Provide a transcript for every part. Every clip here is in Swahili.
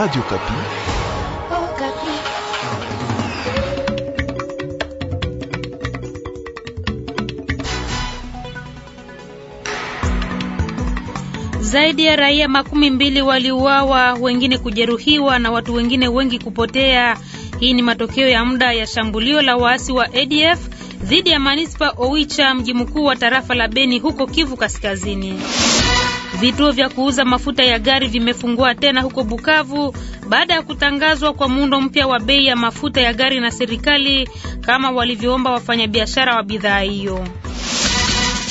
Radio Kapi. Oh, Kapi. Zaidi ya raia makumi mbili waliuawa, wengine kujeruhiwa na watu wengine wengi kupotea. Hii ni matokeo ya muda ya shambulio la waasi wa ADF dhidi ya manispa owicha mji mkuu wa tarafa la Beni huko Kivu Kaskazini. Vituo vya kuuza mafuta ya gari vimefungua tena huko Bukavu baada ya kutangazwa kwa muundo mpya wa bei ya mafuta ya gari na serikali kama walivyoomba wafanyabiashara wa bidhaa hiyo.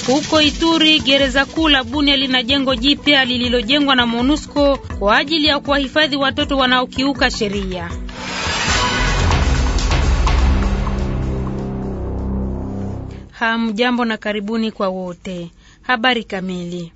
Huko Ituri, gereza kuu la Bunia lina jengo jipya lililojengwa na MONUSCO kwa ajili ya kuwahifadhi watoto wanaokiuka sheria. Hamjambo na karibuni kwa wote. Habari kamili.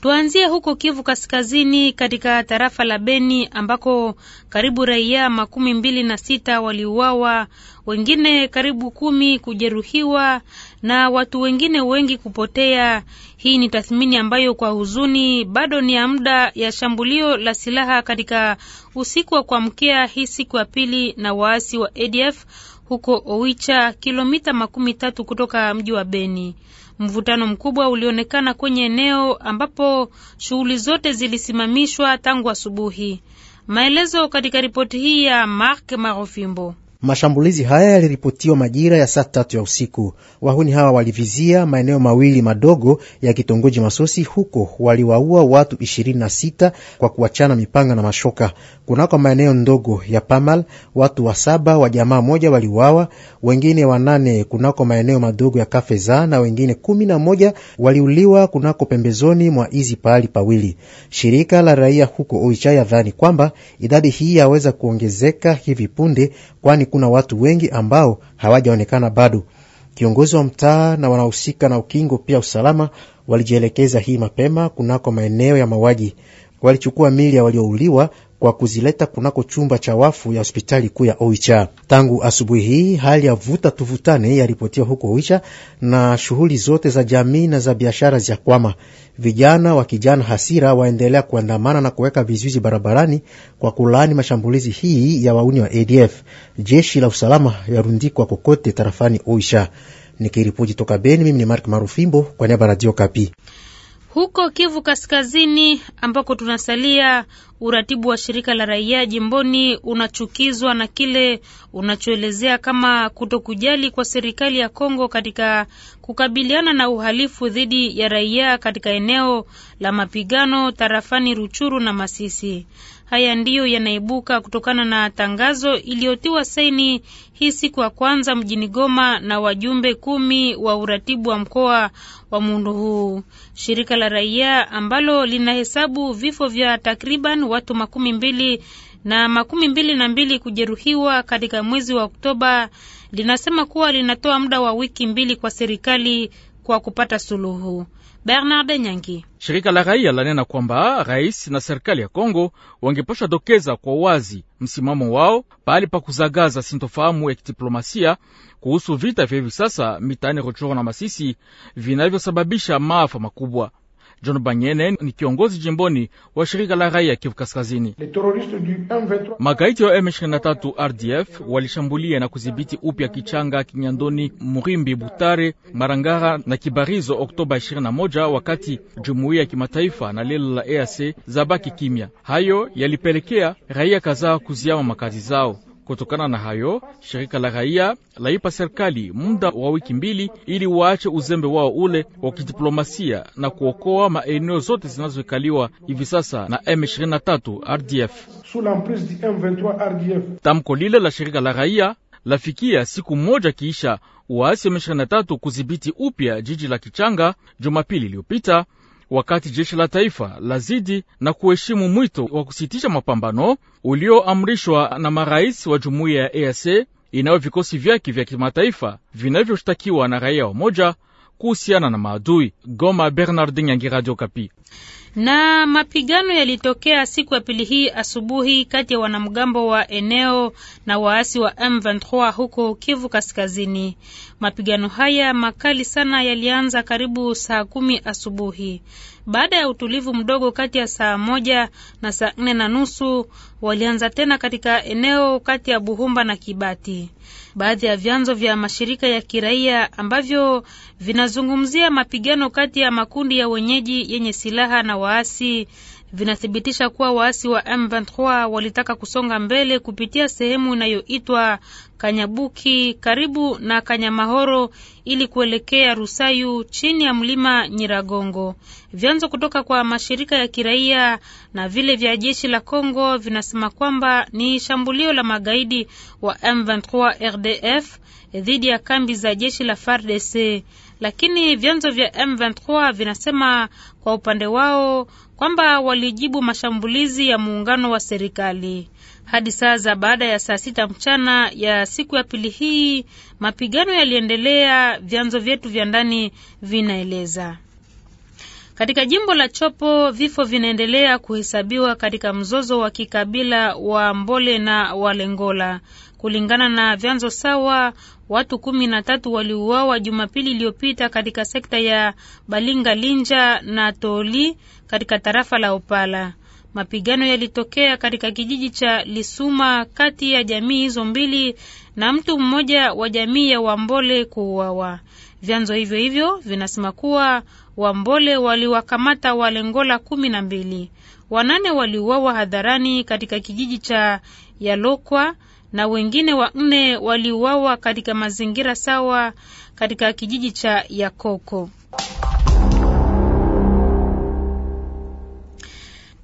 Tuanzie huko Kivu Kaskazini, katika tarafa la Beni ambako karibu raia makumi mbili na sita waliuawa, wengine karibu kumi kujeruhiwa na watu wengine wengi kupotea. Hii ni tathmini ambayo kwa huzuni bado ni ya muda ya shambulio la silaha katika usiku wa kuamkea hii siku ya pili na waasi wa ADF huko Oicha, kilomita makumi tatu kutoka mji wa Beni. Mvutano mkubwa ulionekana kwenye eneo ambapo shughuli zote zilisimamishwa tangu asubuhi. Maelezo katika ripoti hii ya Mark Marofimbo. Mashambulizi haya yaliripotiwa majira ya saa tatu ya usiku. Wahuni hawa walivizia maeneo mawili madogo ya kitongoji Masosi, huko waliwaua watu 26 kwa kuachana mipanga na mashoka. Kunako maeneo ndogo ya Pamal, watu wa saba wa jamaa moja waliuawa, wengine wanane kunako maeneo madogo ya Kafeza na wengine kumi na moja waliuliwa kunako pembezoni mwa hizi pahali pawili. Shirika la raia huko Oicha yadhani kwamba idadi hii yaweza kuongezeka hivi punde kwani kuna watu wengi ambao hawajaonekana bado. Kiongozi wa mtaa na wanahusika na ukingo pia usalama walijielekeza hii mapema kunako maeneo ya mauaji, walichukua mili ya waliouliwa kwa kuzileta kunako chumba cha wafu ya hospitali kuu ya Oicha. Tangu asubuhi hii hali ya vuta tuvutane yaripotia huko Oicha, na shughuli zote za jamii na za biashara za kwama. Vijana wa kijana hasira waendelea kuandamana na kuweka vizuizi barabarani kwa kulaani mashambulizi hii ya wauni wa ADF. Jeshi la usalama yarundikwa kokote tarafani Oicha. Nikiripoti toka Beni, mimi ni Mark Marufimbo kwa niaba ya Radio Kapi. Huko Kivu Kaskazini ambako tunasalia, uratibu wa shirika la raia jimboni unachukizwa na kile unachoelezea kama kutokujali kwa serikali ya Kongo katika kukabiliana na uhalifu dhidi ya raia katika eneo la mapigano tarafani Ruchuru na Masisi. Haya ndiyo yanaibuka kutokana na tangazo iliyotiwa saini hii siku ya kwanza mjini Goma na wajumbe kumi wa uratibu wa mkoa wa muundo huu. Shirika la raia ambalo linahesabu vifo vya takriban watu makumi mbili na makumi mbili na mbili kujeruhiwa katika mwezi wa Oktoba linasema kuwa linatoa muda wa wiki mbili kwa serikali kwa kupata suluhu. Bernard Nyangi. Shirika la raia lanena kwamba rais na serikali ya Kongo wangepashwa dokeza kwa wazi msimamo wao pahali pa kuzagaza sintofahamu ya kidiplomasia kuhusu vita vya hivi sasa mitaani Rutshuru na Masisi vinavyosababisha maafa makubwa. John Banyene ni kiongozi jimboni wa shirika la raia Kivu Kaskazini. Magaiti wa M23 RDF walishambulia na kudhibiti upya Kichanga, Kinyandoni, Murimbi, Butare, Marangara na Kibarizo Oktoba 21, wakati jumuiya ya kimataifa na lelo la EAC zabaki kimya. Hayo yalipelekea raia kadhaa kuziama makazi zao. Kutokana na hayo, shirika la raia laipa serikali muda wa wiki mbili ili waache uzembe wao ule wa kidiplomasia na kuokoa maeneo zote zinazoikaliwa hivi sasa na M23 RDF. Tamko lile la shirika la raia lafikia siku moja kiisha waasi M23 kudhibiti upya jiji la Kichanga Jumapili iliyopita wakati jeshi la taifa lazidi na kuheshimu mwito wa kusitisha mapambano ulioamrishwa na marais wa jumuiya ya EAC inayo vikosi vyake vya kimataifa vinavyoshtakiwa na raia wamoja kuhusiana na maadui. Goma, Bernardin Yangi, Radio Kapi. Na mapigano yalitokea siku ya pili hii asubuhi kati ya wanamgambo wa eneo na waasi wa M23 huko Kivu Kaskazini. Mapigano haya makali sana yalianza karibu saa kumi asubuhi. Baada ya utulivu mdogo kati ya saa moja na saa nne na nusu walianza tena katika eneo kati ya Buhumba na Kibati. Baadhi ya vyanzo vya mashirika ya kiraia ambavyo vinazungumzia mapigano kati ya makundi ya wenyeji yenye silaha na waasi vinathibitisha kuwa waasi wa M23 walitaka kusonga mbele kupitia sehemu inayoitwa Kanyabuki karibu na Kanyamahoro ili kuelekea Rusayu chini ya mlima Nyiragongo. Vyanzo kutoka kwa mashirika ya kiraia na vile vya jeshi la Kongo vinasema kwamba ni shambulio la magaidi wa M23 RDF dhidi ya kambi za jeshi la FARDC lakini vyanzo vya M23 vinasema kwa upande wao kwamba walijibu mashambulizi ya muungano wa serikali. Hadi saa za baada ya saa sita mchana ya siku ya pili hii mapigano yaliendelea, vyanzo vyetu vya ndani vinaeleza. Katika jimbo la Chopo vifo vinaendelea kuhesabiwa katika mzozo wa kikabila wa Mbole na Walengola. Kulingana na vyanzo sawa, watu kumi na tatu waliuawa Jumapili iliyopita katika sekta ya Balinga Linja na Toli katika tarafa la Opala. Mapigano yalitokea katika kijiji cha Lisuma kati ya jamii hizo mbili na mtu mmoja wa jamii ya Wambole kuuawa. Vyanzo hivyo hivyo vinasema kuwa Wambole waliwakamata Walengola kumi na mbili, wanane waliuawa hadharani katika kijiji cha Yalokwa na wengine wanne waliuawa katika mazingira sawa katika kijiji cha Yakoko.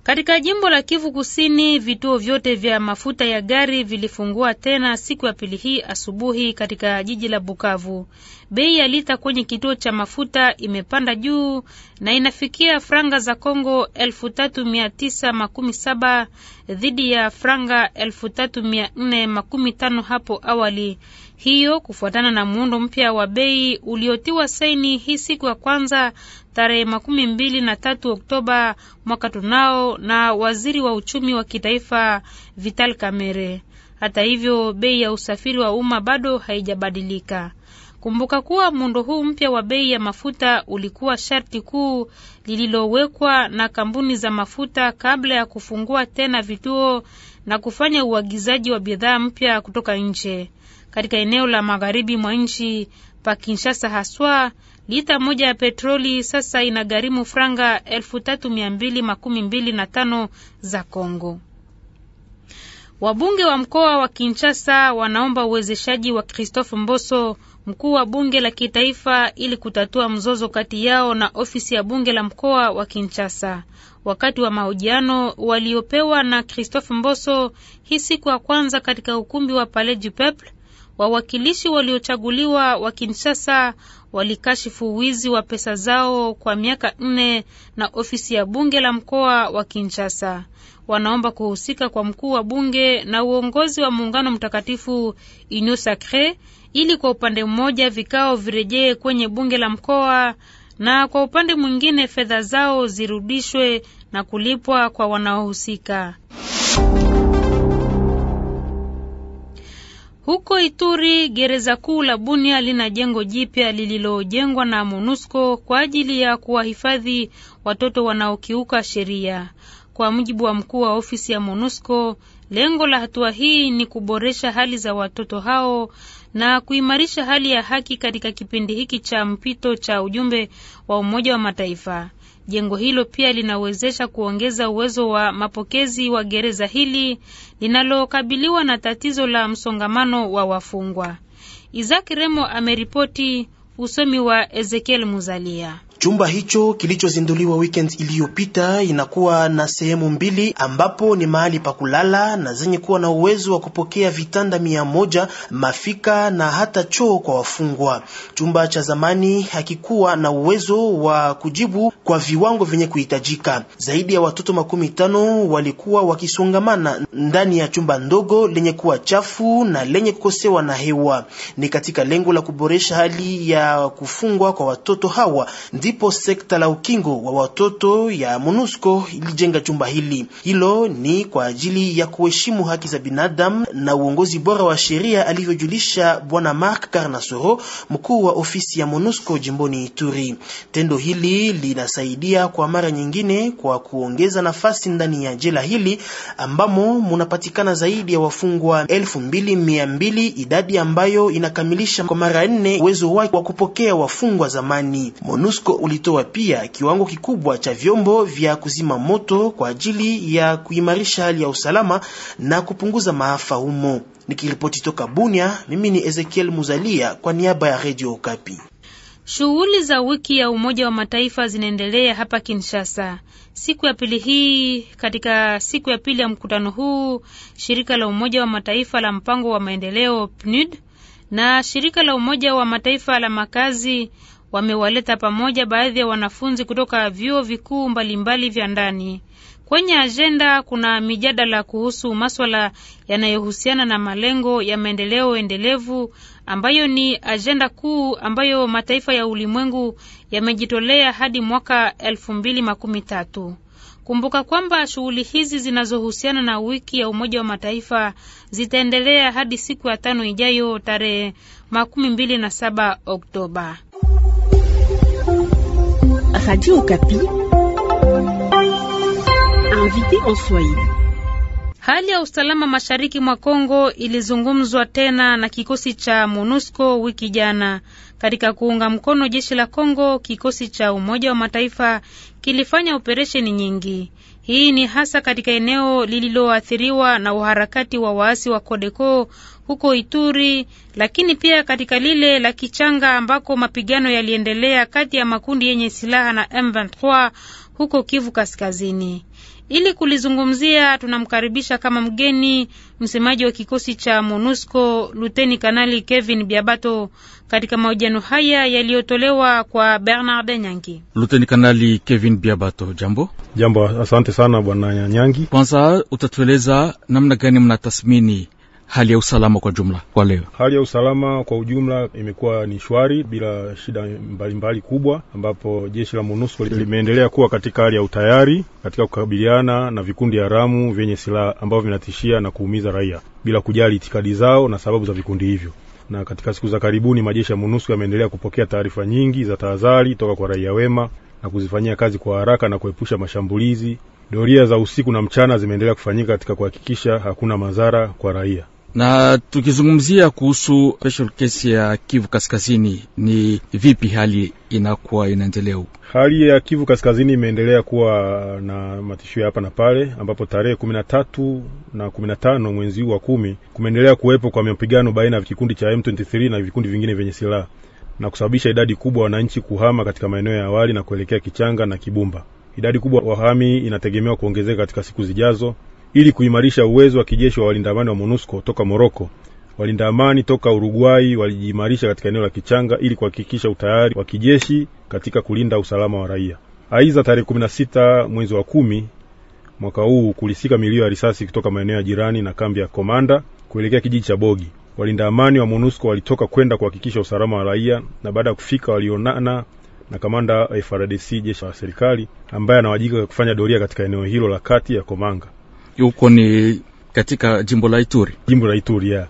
Katika jimbo la Kivu Kusini, vituo vyote vya mafuta ya gari vilifungua tena siku ya pili hii asubuhi katika jiji la Bukavu. Bei ya lita kwenye kituo cha mafuta imepanda juu na inafikia franga za Kongo 3917 dhidi ya franga 3415 hapo awali. Hiyo kufuatana na muundo mpya wa bei uliotiwa saini hii siku ya kwanza tarehe makumi mbili na tatu Oktoba mwaka tunao na waziri wa uchumi wa kitaifa Vital Kamerhe. Hata hivyo, bei ya usafiri wa umma bado haijabadilika. Kumbuka kuwa muundo huu mpya wa bei ya mafuta ulikuwa sharti kuu lililowekwa na kampuni za mafuta kabla ya kufungua tena vituo na kufanya uagizaji wa bidhaa mpya kutoka nje. Katika eneo la magharibi mwa nchi pa Kinshasa haswa, Lita moja ya petroli sasa inagharimu franga elfu tatu mia mbili makumi mbili na tano za Kongo. Wabunge wa mkoa wa Kinshasa wanaomba uwezeshaji wa Christophe Mboso, mkuu wa bunge la kitaifa, ili kutatua mzozo kati yao na ofisi ya bunge la mkoa wa Kinshasa. Wakati wa mahojiano waliopewa na Christophe Mboso hii siku ya kwanza katika ukumbi wa Palais du Peuple, wawakilishi waliochaguliwa wa Kinshasa walikashifu wizi wa pesa zao kwa miaka nne na ofisi ya bunge la mkoa wa Kinshasa. Wanaomba kuhusika kwa mkuu wa bunge na uongozi wa muungano mtakatifu Union Sacre ili kwa upande mmoja vikao virejee kwenye bunge la mkoa na kwa upande mwingine fedha zao zirudishwe na kulipwa kwa wanaohusika. Huko Ituri, gereza kuu la Bunia lina jengo jipya lililojengwa na MONUSCO kwa ajili ya kuwahifadhi watoto wanaokiuka sheria. Kwa mujibu wa mkuu wa ofisi ya MONUSCO, lengo la hatua hii ni kuboresha hali za watoto hao na kuimarisha hali ya haki katika kipindi hiki cha mpito cha ujumbe wa Umoja wa Mataifa. Jengo hilo pia linawezesha kuongeza uwezo wa mapokezi wa gereza hili linalokabiliwa na tatizo la msongamano wa wafungwa. Isaac Remo ameripoti usomi wa Ezekiel Muzalia. Chumba hicho kilichozinduliwa weekend iliyopita inakuwa na sehemu mbili ambapo ni mahali pa kulala na zenye kuwa na uwezo wa kupokea vitanda mia moja mafika na hata choo kwa wafungwa. Chumba cha zamani hakikuwa na uwezo wa kujibu kwa viwango vyenye kuhitajika. Zaidi ya watoto makumi tano walikuwa wakisongamana ndani ya chumba ndogo lenye kuwa chafu na lenye kukosewa na hewa. Ni katika lengo la kuboresha hali ya kufungwa kwa watoto hawa ndi ndipo sekta la ukingo wa watoto ya MONUSCO ilijenga chumba hili. Hilo ni kwa ajili ya kuheshimu haki za binadamu na uongozi bora wa sheria, alivyojulisha Bwana Mark Karnasoro, mkuu wa ofisi ya MONUSCO jimboni Ituri. Tendo hili linasaidia kwa mara nyingine kwa kuongeza nafasi ndani ya jela hili ambamo munapatikana zaidi ya wafungwa elfu mbili mia mbili idadi ambayo inakamilisha kwa mara nne uwezo wake wa kupokea wafungwa zamani. MONUSCO ulitoa pia kiwango kikubwa cha vyombo vya kuzima moto kwa ajili ya kuimarisha hali ya usalama na kupunguza maafa humo. Nikiripoti toka Bunia, mimi ni Ezekiel Muzalia kwa niaba ya Radio Okapi. Shughuli za wiki ya Umoja wa Mataifa zinaendelea hapa Kinshasa. Siku ya pili hii, katika siku ya pili ya mkutano huu, shirika la Umoja wa Mataifa la mpango wa maendeleo PNUD na shirika la Umoja wa Mataifa la makazi wamewaleta pamoja baadhi ya wanafunzi kutoka vyuo vikuu mbalimbali vya ndani. Kwenye ajenda kuna mijadala kuhusu maswala yanayohusiana na malengo ya maendeleo endelevu ambayo ni ajenda kuu ambayo mataifa ya ulimwengu yamejitolea hadi mwaka elfu mbili makumi tatu. Kumbuka kwamba shughuli hizi zinazohusiana na wiki ya Umoja wa Mataifa zitaendelea hadi siku ya tano ijayo tarehe makumi mbili na saba Oktoba. Radio Okapi. Invité en Swahili. Hali ya usalama mashariki mwa Kongo ilizungumzwa tena na kikosi cha MONUSCO wiki jana. Katika kuunga mkono jeshi la Kongo, kikosi cha Umoja wa Mataifa kilifanya operesheni nyingi. Hii ni hasa katika eneo lililoathiriwa na uharakati wa waasi wa Kodeko huko Ituri, lakini pia katika lile la Kichanga ambako mapigano yaliendelea kati ya makundi yenye silaha na M23 huko Kivu Kaskazini. Ili kulizungumzia tunamkaribisha kama mgeni msemaji wa kikosi cha MONUSCO Luteni Kanali Kevin Biabato katika mahojiano haya yaliyotolewa kwa Bernard Nyangi. Luteni Kanali Kevin Biabato, jambo. Jambo, asante sana bwana Nyangi. Kwanza utatueleza namna gani mnatathmini hali ya usalama kwa jumla kwa leo? Hali ya usalama kwa ujumla imekuwa ni shwari bila shida mbalimbali mbali kubwa, ambapo jeshi la MONUSCO limeendelea kuwa katika hali ya utayari katika kukabiliana na vikundi haramu vyenye silaha ambavyo vinatishia na kuumiza raia bila kujali itikadi zao na sababu za vikundi hivyo na katika siku za karibuni majeshi ya MONUSCO yameendelea kupokea taarifa nyingi za tahadhari toka kwa raia wema na kuzifanyia kazi kwa haraka na kuepusha mashambulizi. Doria za usiku na mchana zimeendelea kufanyika katika kuhakikisha hakuna madhara kwa raia. Na tukizungumzia kuhusu special case ya Kivu Kaskazini, ni vipi hali inakuwa inaendelea huko? Hali ya Kivu Kaskazini imeendelea kuwa na matishio hapa na pale, ambapo tarehe kumi na tatu na kumi na tano mwezi huu wa kumi kumeendelea kuwepo kwa mapigano baina ya kikundi cha M23 na vikundi vingine vyenye silaha na kusababisha idadi kubwa wananchi kuhama katika maeneo ya awali na kuelekea Kichanga na Kibumba. Idadi kubwa wahami inategemewa kuongezeka katika siku zijazo, ili kuimarisha uwezo wa kijeshi wa walinda amani wa MONUSCO toka Moroko. Walinda amani toka Uruguay walijiimarisha katika eneo la Kichanga ili kuhakikisha utayari wa kijeshi katika kulinda usalama wa raia. Aidha, tarehe 16 mwezi wa kumi mwaka huu kulisika milio ya risasi kutoka maeneo ya jirani na kambi ya Komanda kuelekea kijiji cha Bogi. Walinda amani wa MONUSCO walitoka kwenda kuhakikisha usalama wa raia, na baada ya kufika walionana na kamanda FRDC jeshi la serikali, ambaye anawajika kufanya doria katika eneo hilo la kati ya Komanga. Huko ni katika jimbo la Ituri, jimbo la Ituri ya.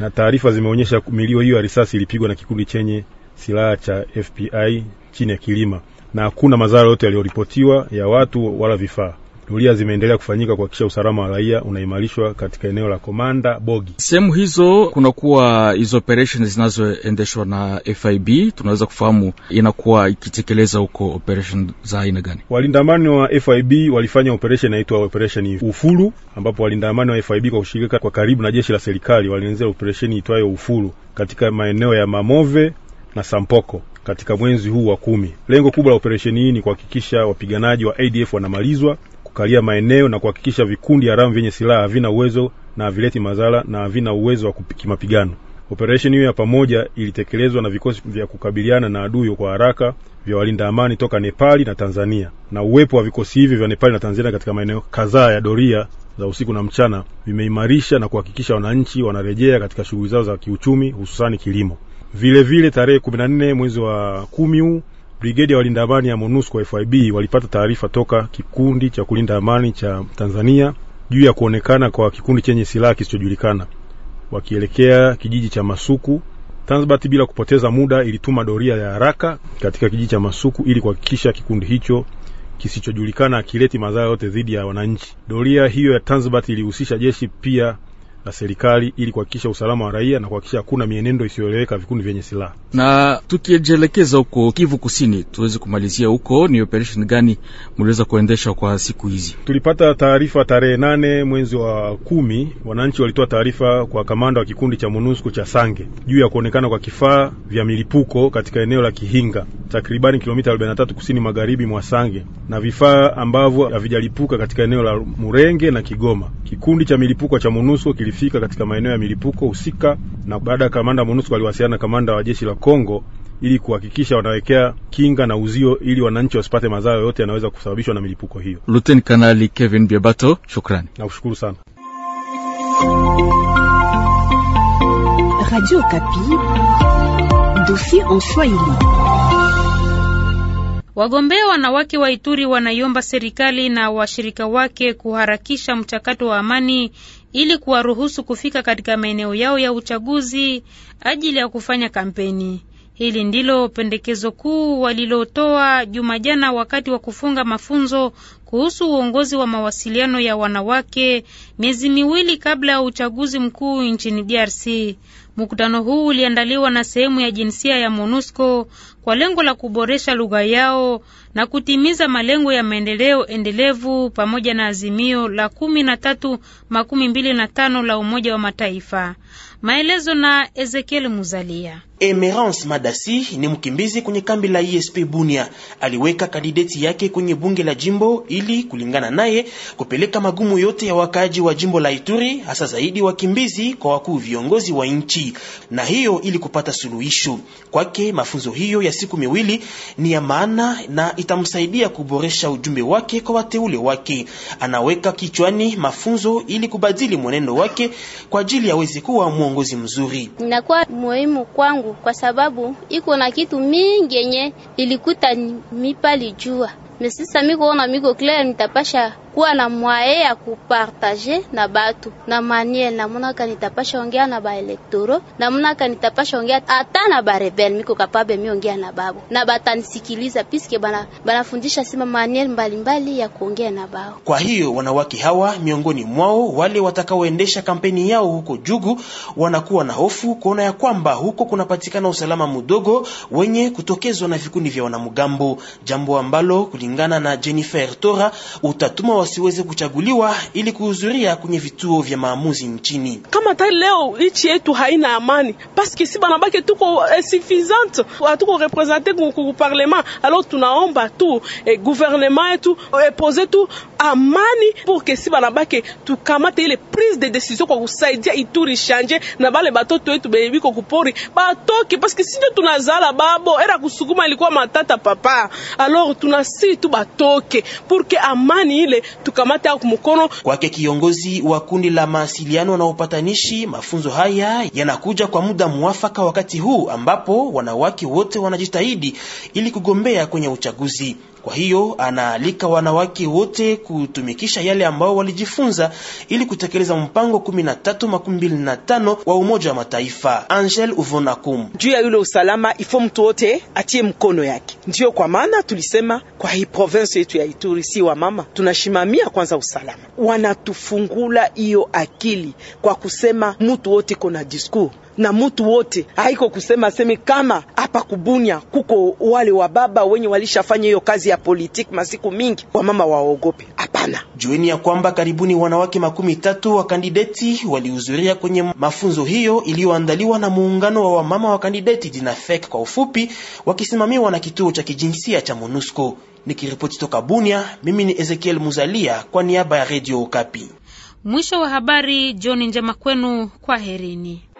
Na taarifa zimeonyesha milio hiyo ya risasi ilipigwa na kikundi chenye silaha cha FPI chini ya kilima, na hakuna madhara yote yaliyoripotiwa ya watu wala vifaa. Doria zimeendelea kufanyika kuhakikisha usalama wa raia unaimarishwa katika eneo la Komanda Bogi. Sehemu hizo kunakuwa hizo operations zinazoendeshwa na FIB, tunaweza kufahamu inakuwa ikitekeleza huko operation za aina gani? Walinda amani wa FIB walifanya operation inaitwa operation Ufuru, ambapo walinda amani wa FIB kwa kushirika kwa karibu na jeshi la serikali walianzia operation itwayo Ufuru katika maeneo ya Mamove na Sampoko katika mwezi huu wa kumi. Lengo kubwa la operesheni hii ni kuhakikisha wapiganaji wa ADF wanamalizwa kukalia maeneo na kuhakikisha vikundi haramu vyenye silaha havina uwezo na havileti madhara na havina uwezo wa kimapigano. Operesheni hiyo ya pamoja ilitekelezwa na vikosi vya kukabiliana na adui kwa haraka vya walinda amani toka Nepali na Tanzania, na uwepo wa vikosi hivi vya Nepali na Tanzania katika maeneo kadhaa ya doria za usiku na mchana vimeimarisha na kuhakikisha wananchi wanarejea katika shughuli zao za kiuchumi, hususani kilimo. Vilevile, tarehe 14 mwezi wa kumi huu Brigedi ya walinda amani ya MONUSCO FIB walipata taarifa toka kikundi cha kulinda amani cha Tanzania juu ya kuonekana kwa kikundi chenye silaha kisichojulikana wakielekea kijiji cha Masuku. Tanzbat bila kupoteza muda ilituma doria ya haraka katika kijiji cha Masuku ili kuhakikisha kikundi hicho kisichojulikana akileti madhara yote dhidi ya wananchi. Doria hiyo ya Tanzbat ilihusisha jeshi pia la serikali ili kuhakikisha usalama wa raia na kuhakikisha hakuna mienendo isiyoeleweka vikundi vyenye silaha. Na tukijielekeza huko Kivu Kusini, tuweze kumalizia huko, ni operation gani mliweza kuendesha kwa siku hizi? Tulipata taarifa tarehe nane mwezi wa kumi, wananchi walitoa taarifa kwa kamanda wa kikundi cha MONUSCO cha Sange juu ya kuonekana kwa kifaa vya milipuko katika eneo la Kihinga takribani kilomita 43 kusini magharibi mwa Sange na vifaa ambavyo havijalipuka katika eneo la Murenge na Kigoma. Kikundi cha milipuko cha MONUSCO kili walifika katika maeneo ya milipuko husika, na baada ya kamanda MONUSCO aliwasiliana na kamanda wa jeshi la Kongo ili kuhakikisha wanawekea kinga na uzio ili wananchi wasipate madhara yote yanaweza kusababishwa na milipuko hiyo. Luteni Kanali Kevin Biabato, shukrani na kushukuru sana Radio Kapi, dossier en Swahili. Wagombea wanawake wa Ituri wanaiomba serikali na washirika wake kuharakisha mchakato wa amani ili kuwaruhusu kufika katika maeneo yao ya uchaguzi ajili ya kufanya kampeni. Hili ndilo pendekezo kuu walilotoa Jumajana wakati wa kufunga mafunzo kuhusu uongozi wa mawasiliano ya wanawake miezi miwili kabla ya uchaguzi mkuu nchini DRC. Mkutano huu uliandaliwa na sehemu ya jinsia ya MONUSCO kwa lengo la kuboresha lugha yao na kutimiza malengo ya maendeleo endelevu pamoja na azimio la kumi na tatu makumi mbili na tano la Umoja wa Mataifa. Maelezo na Ezekiel Muzalia. Emerance Madasi ni mkimbizi kwenye kambi la ISP Bunia. Aliweka kandideti yake kwenye bunge la jimbo ili kulingana naye kupeleka magumu yote ya wakaaji wa jimbo la Ituri, hasa zaidi wakimbizi kwa wakuu viongozi wa nchi, na hiyo ili kupata suluhisho. Kwake mafunzo hiyo ya siku miwili ni ya maana na itamsaidia kuboresha ujumbe wake kwa wateule wake. Anaweka kichwani mafunzo ili kubadili mwenendo wake kwa ajili aweze kuwa kuwa mwongozi mzuri. Inakuwa muhimu kwangu kwa sababu iko na kitu mingi yenye ilikuta mipali jua mesisa mikoona miko claire nitapasha kuwa na mwaye ya kupartaje na batu na maniel namunaka nitapasha ongea na baelektoro namunaka nitapasha ongea hata na barebel miko kapabe miongea na babo na batanisikiliza piske bana banafundisha sima maniel mbalimbali mbali ya kuongea na bao. Kwa hiyo wanawake hawa miongoni mwao wale watakaoendesha kampeni yao huko Jugu wanakuwa na hofu kuona ya kwamba huko kunapatikana usalama mdogo wenye kutokezwa na vikundi vya wanamgambo, jambo ambalo kuli kulingana na Jennifer Tora, utatuma wasiweze kuchaguliwa ili kuhudhuria kwenye vituo vya maamuzi nchini. Kama ta leo nchi yetu haina amani, paske si banabake tuko insuffisante, eh, hatuko represente ku parlement. Alors tunaomba tu eh, gouvernement yetu eh, tu amani porke si banabake tukamate ile prise de decision kwa kusaidia Ituri shanje na bale batoto wetu bebi kupori batoke, paske si tunazala babo era kusukuma ilikuwa matata papa. Alors tunasi tu batoke porke amani ile tukamate kwa mkono kwake. Kiongozi wa kundi la mawasiliano na upatanishi, mafunzo haya yanakuja kwa muda mwafaka, wakati huu ambapo wanawake wote wanajitahidi ili kugombea kwenye uchaguzi. Kwa hiyo anaalika wanawake wote kutumikisha yale ambao walijifunza ili kutekeleza mpango 1325 wa Umoja wa Mataifa. Angel Uvonakum: juu ya yule usalama ifo mtu wote atie mkono yake. Ndiyo kwa maana tulisema kwa hii province yetu ya Ituri, si wa mama tunashimamia kwanza usalama, wanatufungula hiyo akili kwa kusema mutu wote kona diskur na mutu wote haiko kusema seme kama hapa kubunya kuko wale baba wenye walishafanya hiyo kazi ya politiki masiku mingi, mama waogope. Hapana, jueni ya kwamba karibuni wanawake makumi tatu wa kandideti walihudhuria kwenye mafunzo hiyo iliyoandaliwa na muungano wa wamama wa kandideti Dinafek kwa ufupi, wakisimamiwa na kituo cha kijinsia cha MONUSCO. Nikiripoti toka Bunia, mimi ni Ezekiel Muzalia kwa niaba ya redio Okapi. Mwisho wa habari. Jioni njema kwenu, kwa herini.